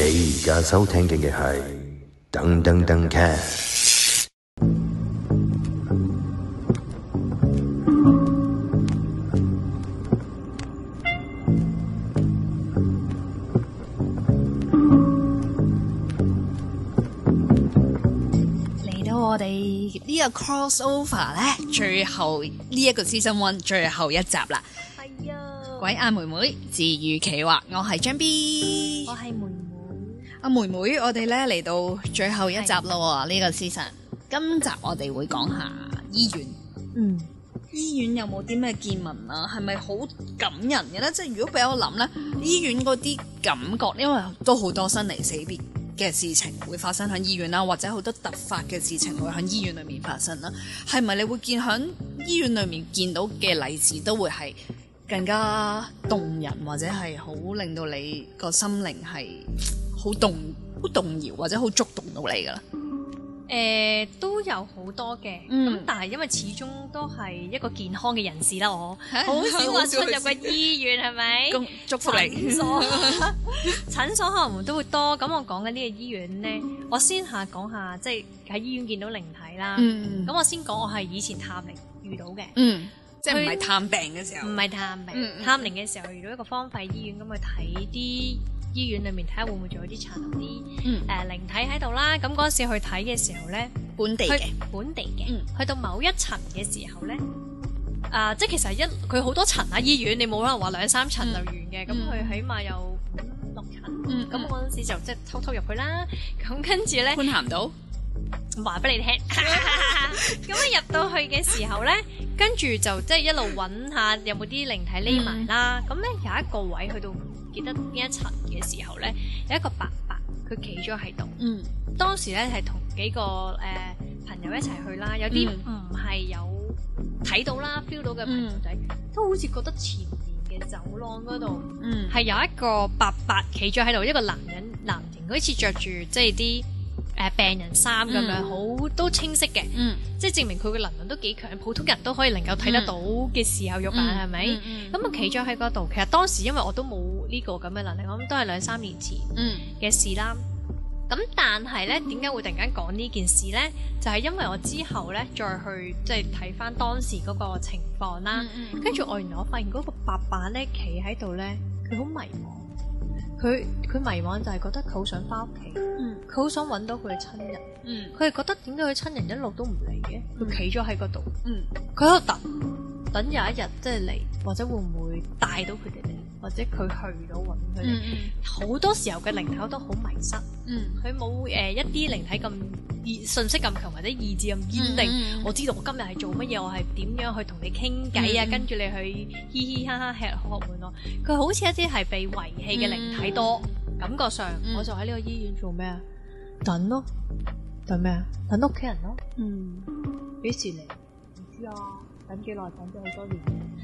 你而家收聽嘅係噔噔噔 cast 嚟到我哋呢個 cross over 咧， 最後呢一個 season one 最後一集啦。係、哎、呦啊，鬼阿妹妹自娛企畫，我係張 B，我係梅。阿妹妹，我哋咧嚟到最後一集咯。呢、這個事實，今集我哋會講下醫院。嗯，醫院有冇啲咩見聞啊？係咪好感人嘅咧？即係如果俾我諗咧，嗯、醫院嗰啲感覺，因為都好多生離死別嘅事情會發生喺醫院啦，或者好多突發嘅事情會喺醫院裏面發生啦。係咪你會見喺醫院裏面見到嘅例子都會係更加動人，或者係好令到你個心靈係？好動好動搖或者好觸動到你噶啦，誒、呃、都有好多嘅，咁、嗯、但係因為始終都係一個健康嘅人士啦，我、啊、我好少話出入個醫院係咪？咁觸觸你，診所， 所可能都會多。咁我講緊呢個醫院咧，嗯、我先下講下，即係喺醫院見到靈體啦。咁、嗯、我先講，我係以前探靈遇到嘅，嗯，即係唔係探病嘅時候，唔係探病，探靈嘅時候遇到一個荒廢醫院咁去睇啲。醫院裏面睇下會唔會仲有啲殘留啲誒靈體喺度啦？咁嗰陣時去睇嘅時候咧地，本地嘅本地嘅，嗯、去到某一層嘅時候咧，啊，即係其實一佢好多層啊！醫院你冇可能話兩三層留完嘅，咁佢、嗯、起碼有六層。咁我嗰陣時就即係偷偷入去啦。咁跟住咧，觀閤唔到，話俾訴你聽。咁啊入到去嘅時候咧，跟住就即係一路揾下有冇啲靈體匿埋啦。咁咧、嗯嗯、有一個位去到。記得邊一層嘅時候咧，有一個伯伯，佢企咗喺度。嗯，當時咧係同幾個誒、呃、朋友一齊去啦，有啲唔係有睇到啦，feel、嗯、到嘅朋友仔、嗯、都好似覺得前面嘅走廊嗰度，係、嗯嗯、有一個伯伯企咗喺度，一個男人，男人好似着住即係啲。就是誒病人衫咁樣，好都清晰嘅，即係證明佢嘅能力都幾強，普通人都可以能夠睇得到嘅時候肉眼係咪？咁啊企咗喺嗰度，其實當時因為我都冇呢個咁嘅能力，我諗都係兩三年前嘅事啦。咁但係咧，點解會突然間講呢件事咧？就係因為我之後咧再去即係睇翻當時嗰個情況啦。跟住我原來我發現嗰個白板咧企喺度咧，佢好迷茫。佢佢迷惘就係覺得佢好想翻屋企，嗯，佢好想揾到佢嘅親人，嗯，佢係覺得點解佢親人一路都唔嚟嘅？佢企咗喺個度，嗯，佢喺度等等有一日即係嚟，或者會唔會帶到佢哋嚟？或者佢去到搵佢哋，好多時候嘅靈體都好迷失。嗯，佢冇誒一啲靈體咁意信息咁強，或者意志咁堅定。我知道我今日係做乜嘢，我係點樣去同你傾偈啊，跟住你去嘻嘻哈哈吃喝玩樂。佢好似一啲係被遺棄嘅靈體多，感覺上我就喺呢個醫院做咩啊？等咯，等咩啊？等屋企人咯。嗯，幾時嚟？唔知啊，等幾耐？等咗好多年。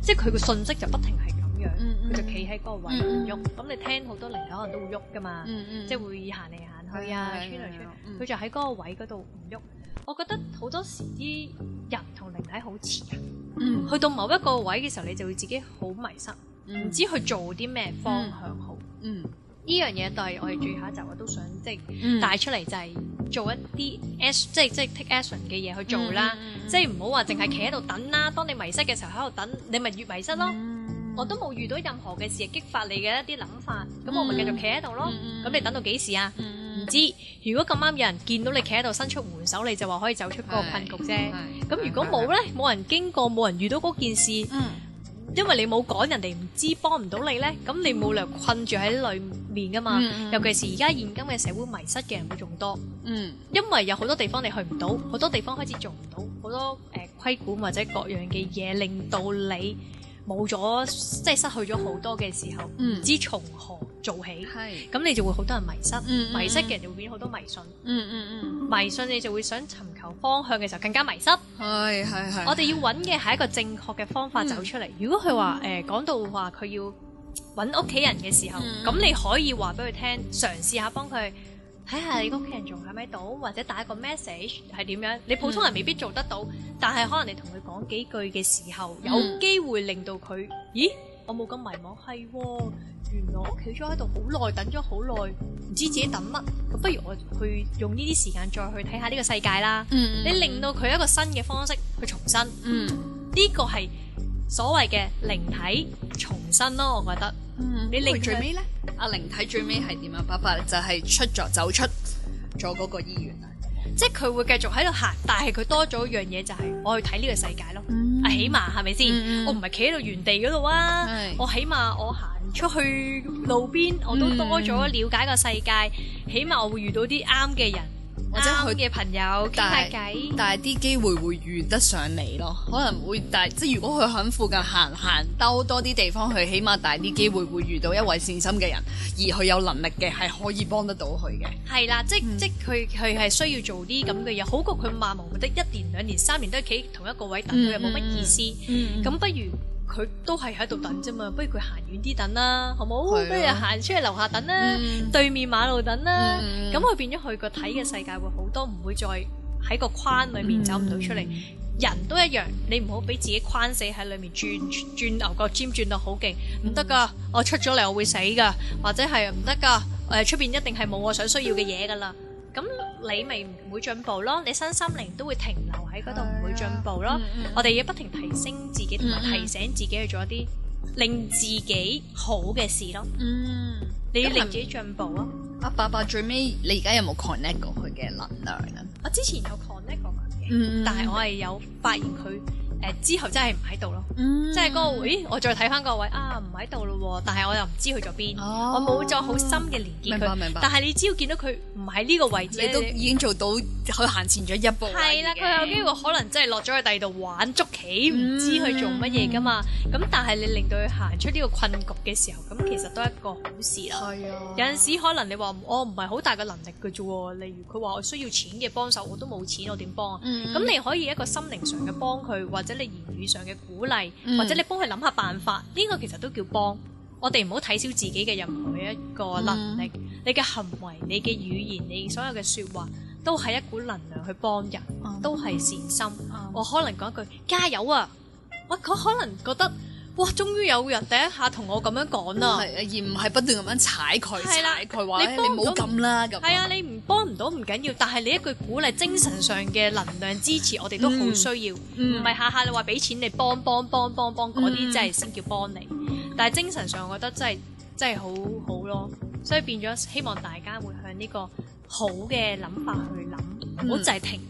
即係佢嘅信息就不停係咁。佢就企喺嗰個位唔喐。咁你聽好多靈體，可能都會喐㗎嘛，即係會行嚟行去啊，穿嚟穿。佢就喺嗰個位嗰度唔喐。我覺得好多時啲人同靈體好似啊。去到某一個位嘅時候，你就會自己好迷失，唔知去做啲咩方向好。嗯，呢樣嘢就係我哋住下一集我都想即係帶出嚟，就係做一啲 action 即係即係 take action 嘅嘢去做啦。即係唔好話淨係企喺度等啦。當你迷失嘅時候喺度等，你咪越迷失咯。我都冇遇到任何嘅事嚟激發你嘅一啲諗法，咁我咪繼續企喺度咯。咁你等到幾時啊？唔知。如果咁啱有人見到你企喺度伸出援手，你就話可以走出嗰個困局啫。咁如果冇咧，冇人經過，冇人遇到嗰件事，因為你冇講，人哋唔知，幫唔到你咧。咁你冇理由困住喺裏面㗎嘛？尤其是而家現今嘅社會，迷失嘅人會仲多。因為有好多地方你去唔到，好多地方開始做唔到，好多誒規管或者各樣嘅嘢，令到你。冇咗，即係失去咗好多嘅時候，唔、嗯、知從何做起，咁係你就會好多人迷失，嗯嗯嗯、迷失嘅人就會變好多迷信，嗯嗯嗯嗯、迷信你就會想尋求方向嘅時候更加迷失，係係係。我哋要揾嘅係一個正確嘅方法走出嚟。嗯、如果佢話誒講到話佢要揾屋企人嘅時候，咁、嗯、你可以話俾佢聽，嘗試下幫佢。睇下你屋企人仲喺唔喺度，嗯、或者打一個 message 係點樣，你普通人未必做得到，嗯、但係可能你同佢講幾句嘅時候，嗯、有機會令到佢，咦？我冇咁迷茫係喎、哦，原來我企咗喺度好耐，等咗好耐，唔知自己等乜，咁不如我去用呢啲時間再去睇下呢個世界啦。嗯、你令到佢一個新嘅方式去重生，呢個係所謂嘅靈體重生咯，我覺得。嗯，你靈最尾咧？阿靈睇最尾係點啊？伯伯就係出咗，走出咗個醫院啊，即係佢會繼續喺度行，但係佢多咗樣嘢就係，我去睇呢個世界咯。啊、嗯、起碼係咪先？是是嗯、我唔係企喺度原地度啊，是我起碼我行出去路邊，我都多咗了解個世界。嗯、起碼我會遇到啲啱嘅人。或者佢嘅朋友傾下偈，但係大啲機會會遇得上你咯。可能會，但係即係如果佢喺附近行行兜多啲地方，佢起碼大啲機會會遇到一位善心嘅人，而佢有能力嘅係可以幫得到佢嘅。係啦，即係、嗯、即佢佢係需要做啲咁嘅嘢，好過佢漫無目的一年、兩年、三年都喺企同一個位等，佢又冇乜意思。咁、嗯嗯嗯、不如。佢都係喺度等啫嘛，不如佢行遠啲等啦，好冇？不如行出去樓下等啦，對面馬路等啦，咁佢變咗佢個睇嘅世界會好多，唔會再喺個框裏面走唔到出嚟。人都一樣，你唔好俾自己框死喺裏面轉轉牛角尖，轉到好勁，唔得噶，我出咗嚟我會死噶，或者係唔得噶，誒出邊一定係冇我想需要嘅嘢噶啦，咁你咪唔會進步咯，你身心靈都會停留。喺嗰度唔會進步咯，嗯嗯、我哋要不停提升自己，同埋提醒自己去做一啲令自己好嘅事咯。嗯，你要令自己進步咯！阿、嗯、伯伯最尾，你而家有冇 connect 過佢嘅能量啊？我之前有 connect 過嘅，嗯、但係我係有發現佢。之後真係唔喺度咯，嗯、即係嗰、嗰個位，我再睇翻嗰個位啊，唔喺度咯，但係我又唔知去咗邊，我冇咗好深嘅連結佢。明白明白。但係你只要見到佢唔喺呢個位置，你，置你都已經做到去行前咗一步啦。係啦，佢有機會可能真係落咗去第二度玩捉棋，唔、嗯、知去做乜嘢噶嘛。咁、嗯、但係你令到佢行出呢個困局嘅時候，咁其實都係一個好事啦。嗯嗯、有陣時可能你話我唔係好大嘅能力㗎啫喎，例如佢話我需要錢嘅幫手，我都冇錢，我點幫啊？咁、嗯、你可以一個心靈上嘅幫佢或或者你言語上嘅鼓勵，或者你幫佢諗下辦法，呢、mm. 個其實都叫幫。我哋唔好睇小自己嘅任何一個能力。Mm. 你嘅行為、你嘅語言、你所有嘅說話，都係一股能量去幫人，um. 都係善心。Um. 我可能講一句加油啊，我可能覺得。哇！終於有人第一下同我咁樣講啦，而唔係不斷咁樣踩佢、踩佢，話你唔好咁啦咁。係啊，你唔幫唔到唔緊要，但係你一句鼓勵、精神上嘅能量支持，嗯、我哋都好需要。唔係下下你話俾錢你幫幫幫幫幫嗰啲，真係先叫幫你。嗯、但係精神上，我覺得真係真係好好咯。所以變咗，希望大家會向呢個好嘅諗法去諗，好，就係停。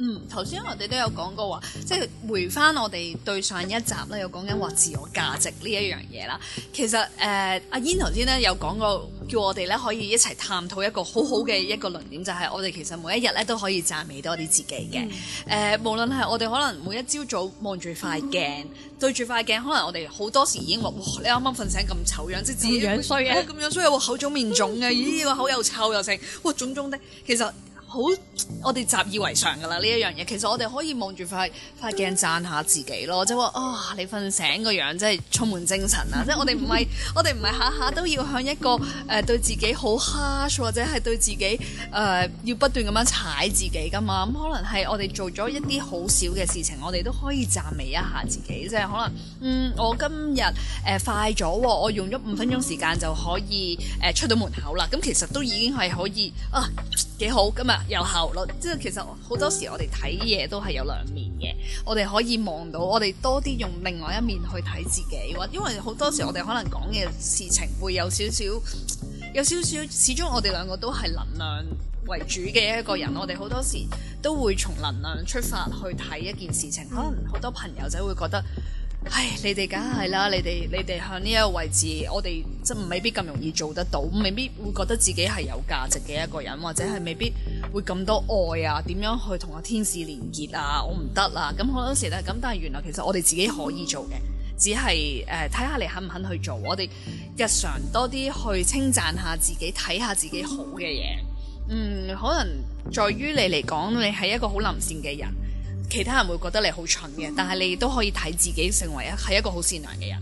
嗯，頭先我哋都有講過話，即係回翻我哋對上一集咧，有講緊話自我價值呢一樣嘢啦。其實誒、呃，阿煙頭先咧有講過，叫我哋咧可以一齊探討一個好好嘅一個論點，就係、是、我哋其實每一日咧都可以讚美多啲自己嘅。誒、呃，無論係我哋可能每一朝早望住塊鏡，嗯、對住塊鏡，可能我哋好多時已經話：哇，你啱啱瞓醒咁醜樣，即自己樣衰嘅？咁樣衰以我口腫面腫嘅、啊，咦，我口又臭又腥，哇，種種的。其實好，我哋習以為常噶啦呢一樣嘢。其實我哋可以望住塊塊鏡讚下自己咯，即係話啊，你瞓醒個樣，真係充滿精神啊！ 即係我哋唔係我哋唔係下下都要向一個誒、呃、對自己好 harsh，或者係對自己誒、呃、要不斷咁樣踩自己噶嘛。咁、嗯、可能係我哋做咗一啲好少嘅事情，我哋都可以讚美一下自己，即係可能嗯，我今日誒、呃、快咗，我用咗五分鐘時間就可以誒、呃、出到門口啦。咁、嗯、其實都已經係可以啊。幾好咁啊，有效率。即係其實好多時我哋睇嘢都係有兩面嘅，我哋可以望到，我哋多啲用另外一面去睇自己。或因為好多時我哋可能講嘅事情會有少少，有少少，始終我哋兩個都係能量為主嘅一個人，我哋好多時都會從能量出發去睇一件事情。可能好多朋友仔會覺得。唉，你哋梗係啦，你哋你哋向呢一個位置，我哋真係未必咁容易做得到，未必會覺得自己係有價值嘅一個人，或者係未必會咁多愛啊，點樣去同阿天使連結啊？我唔得啦。咁好多時咧咁，但係原來其實我哋自己可以做嘅，只係誒睇下你肯唔肯去做。我哋日常多啲去稱讚下自己，睇下自己好嘅嘢。嗯，可能在於你嚟講，你係一個好林善嘅人。其他人會覺得你好蠢嘅，但係你都可以睇自己成為一係一個好善良嘅人。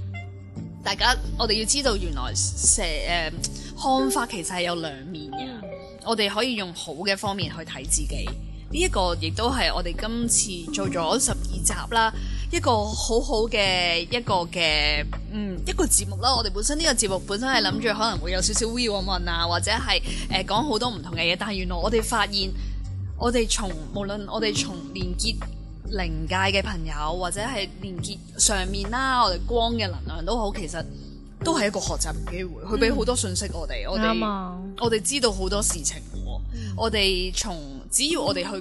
大家，我哋要知道原來成、呃、看法其實係有兩面嘅。我哋可以用好嘅方面去睇自己。呢、這、一個亦都係我哋今次做咗十二集啦，一個好好嘅一個嘅嗯一個節目啦。我哋本身呢個節目本身係諗住可能會有少少 view on 問啊，或者係誒講好多唔同嘅嘢，但係原來我哋發現，我哋從無論我哋從連結。靈界嘅朋友，或者係連結上面啦、啊，我哋光嘅能量都好，其實都係一個學習嘅機會。佢俾好多信息我哋，我哋知道好多事情嘅、嗯、我哋從只要我哋去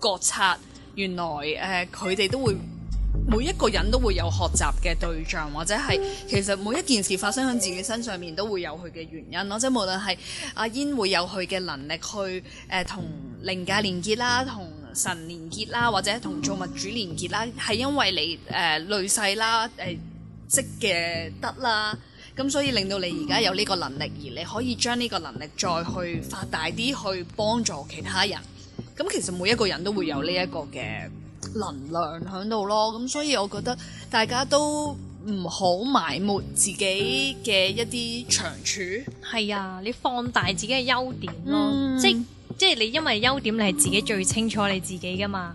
覺察，嗯、原來誒佢哋都會每一個人都會有學習嘅對象，或者係、嗯、其實每一件事發生喺自己身上面都會有佢嘅原因咯。嗯、即係無論係阿煙會有佢嘅能力去誒、呃、同靈界連結啦，同。神連結啦，或者同造物主連結啦，係因為你誒、呃、累世啦誒積嘅德啦，咁所以令到你而家有呢個能力，而你可以將呢個能力再去發大啲去幫助其他人。咁其實每一個人都會有呢一個嘅能量喺度咯，咁所以我覺得大家都唔好埋沒自己嘅一啲長處。係、嗯、 啊，你放大自己嘅優點咯，嗯、即即係你因為優點，你係自己最清楚你自己噶嘛，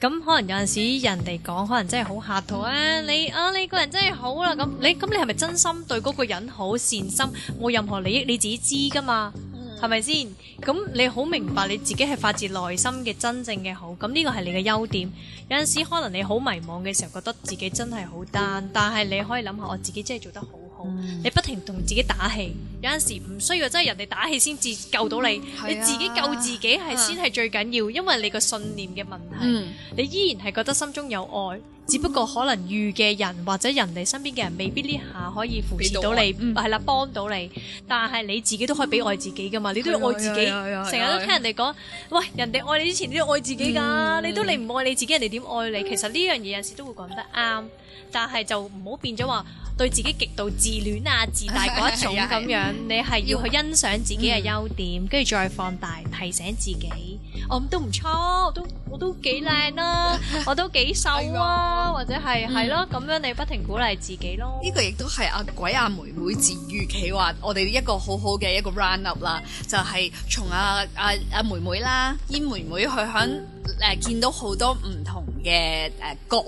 咁係啊，可能有陣時人哋講可能真係好客套啊，你啊，你個人真係好啦咁，你咁你係咪真心對嗰個人好善心？冇任何利益你自己知噶嘛，係咪先？咁你好明白你自己係發自內心嘅真正嘅好，咁呢個係你嘅優點。有陣時可能你好迷茫嘅時候，覺得自己真係好 down，但係你可以諗下我自己真係做得好。 你不停同自己打氣，有陣時唔需要，真係人哋打氣先至救到你，嗯啊、你自己救自己係先係最緊要，嗯、因為你個信念嘅問題，你依然係覺得心中有愛。只不過可能遇嘅人或者人哋身邊嘅人未必呢下可以扶持到你，係啦幫到你，但係你自己都可以俾愛自己噶嘛，你都要愛自己，成日都聽人哋講，喂，人哋愛你之前都要愛自己噶，你都你唔愛你自己，人哋點愛你？其實呢樣嘢有陣時都會講得啱，但係就唔好變咗話對自己極度自戀啊、自大嗰一種咁樣，你係要去欣賞自己嘅優點，跟住再放大提醒自己，我咁都唔錯，都我都幾靚啦，我都幾瘦啊。或者係係咯，咁、嗯、樣你不停鼓勵自己咯。呢、嗯、個亦都係阿鬼阿妹妹自預期話，我哋一個好好嘅一個 round up 啦，就係從阿阿阿妹妹啦，燕妹妹去響誒、嗯呃、見到好多唔同嘅誒、呃、角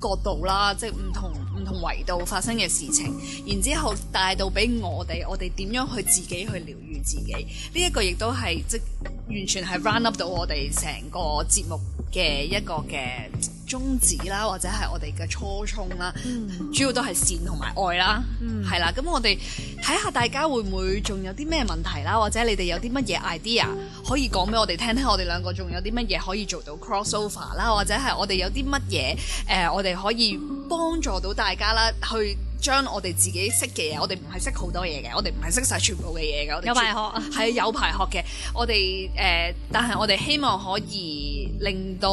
角度啦，即係唔同唔同維度發生嘅事情，然之後帶到俾我哋，我哋點樣去自己去療癒自己？呢、這、一個亦都係即完全係 round up 到我哋成個節目。嘅一個嘅宗旨啦，或者係我哋嘅初衷啦，mm hmm. 主要都係善同埋愛啦，係、mm hmm. 啦。咁我哋睇下大家會唔會仲有啲咩問題啦，或者你哋有啲乜嘢 idea、mm hmm. 可以講俾我哋聽聽，我哋兩個仲有啲乜嘢可以做到 crossover 啦，或者係我哋有啲乜嘢誒，我哋可以幫助到大家啦，去。將我哋自己識嘅嘢，我哋唔係識好多嘢嘅，我哋唔係識晒全部嘅嘢嘅，我哋有排學，係有排學嘅。我哋誒、呃，但係我哋希望可以令到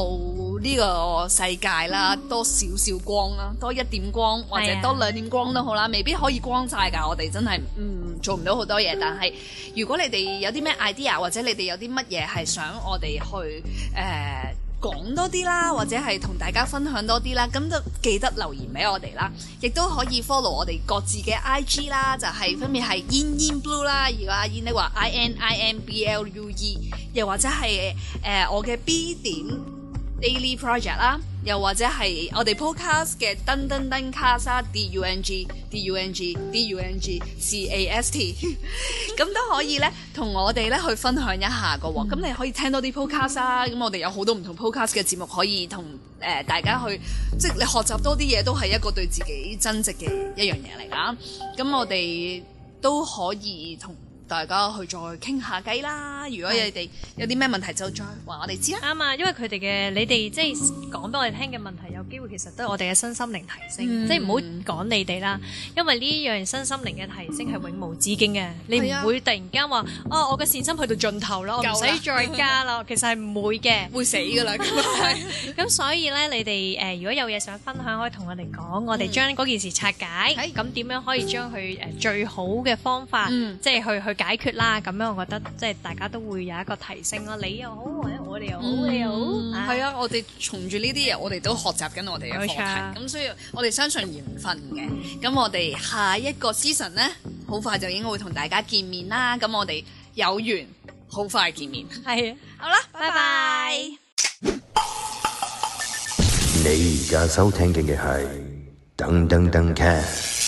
呢個世界啦，嗯、多少少光啦，多一點光，或者多兩點光都好啦，未必可以光晒㗎。我哋真係唔、嗯、做唔到好多嘢，嗯、但係如果你哋有啲咩 idea，或者你哋有啲乜嘢係想我哋去誒、呃講多啲啦，或者係同大家分享多啲啦，咁都記得留言俾我哋啦，亦都可以 follow 我哋各自嘅 IG 啦，就係分別係 ininblue 啦，如果阿 Yan 你話 i n i n b l u e，又或者係誒、呃、我嘅 B 點。Daily Project 啦，又或者係我哋 podcast 嘅噔噔噔卡莎 D U N G D U N G D U N G C A S T，咁 都可以咧同我哋咧去分享一下噶，咁、嗯、你可以聽到 podcast，嗯、多啲 podcast 啦，咁我哋有好多唔同 podcast 嘅節目可以同誒大家去，即、就、係、是、你學習多啲嘢都係一個對自己增值嘅一樣嘢嚟噶，咁我哋都可以同。大家去再傾下偈啦。如果你哋有啲咩問題，就再話我哋知啦。啱啊，因為佢哋嘅你哋即係講俾我哋聽嘅問題，有機會其實都係我哋嘅身心靈提升，即係唔好講你哋啦。因為呢樣身心靈嘅提升係永無止境嘅，你唔會突然間話哦，我嘅善心去到盡頭咯，唔使再加啦。其實係唔會嘅，會死㗎啦咁啊。咁所以咧，你哋誒如果有嘢想分享，可以同我哋講，我哋將嗰件事拆解，咁點樣可以將佢誒最好嘅方法，即係去去。解決啦，咁樣我覺得即係大家都會有一個提升咯、啊。你又好，或者我哋又好，你又好。係啊，我哋從住呢啲嘢，我哋都學習緊我哋嘅課題。咁 Okay.、嗯、所以我哋相信緣分嘅。咁我哋下一個 season 咧，好快就應該會同大家見面啦。咁我哋有緣，好快見面。係，是啊、好啦，拜拜 bye。Bye bye 你而家收聽嘅係噔噔噔 c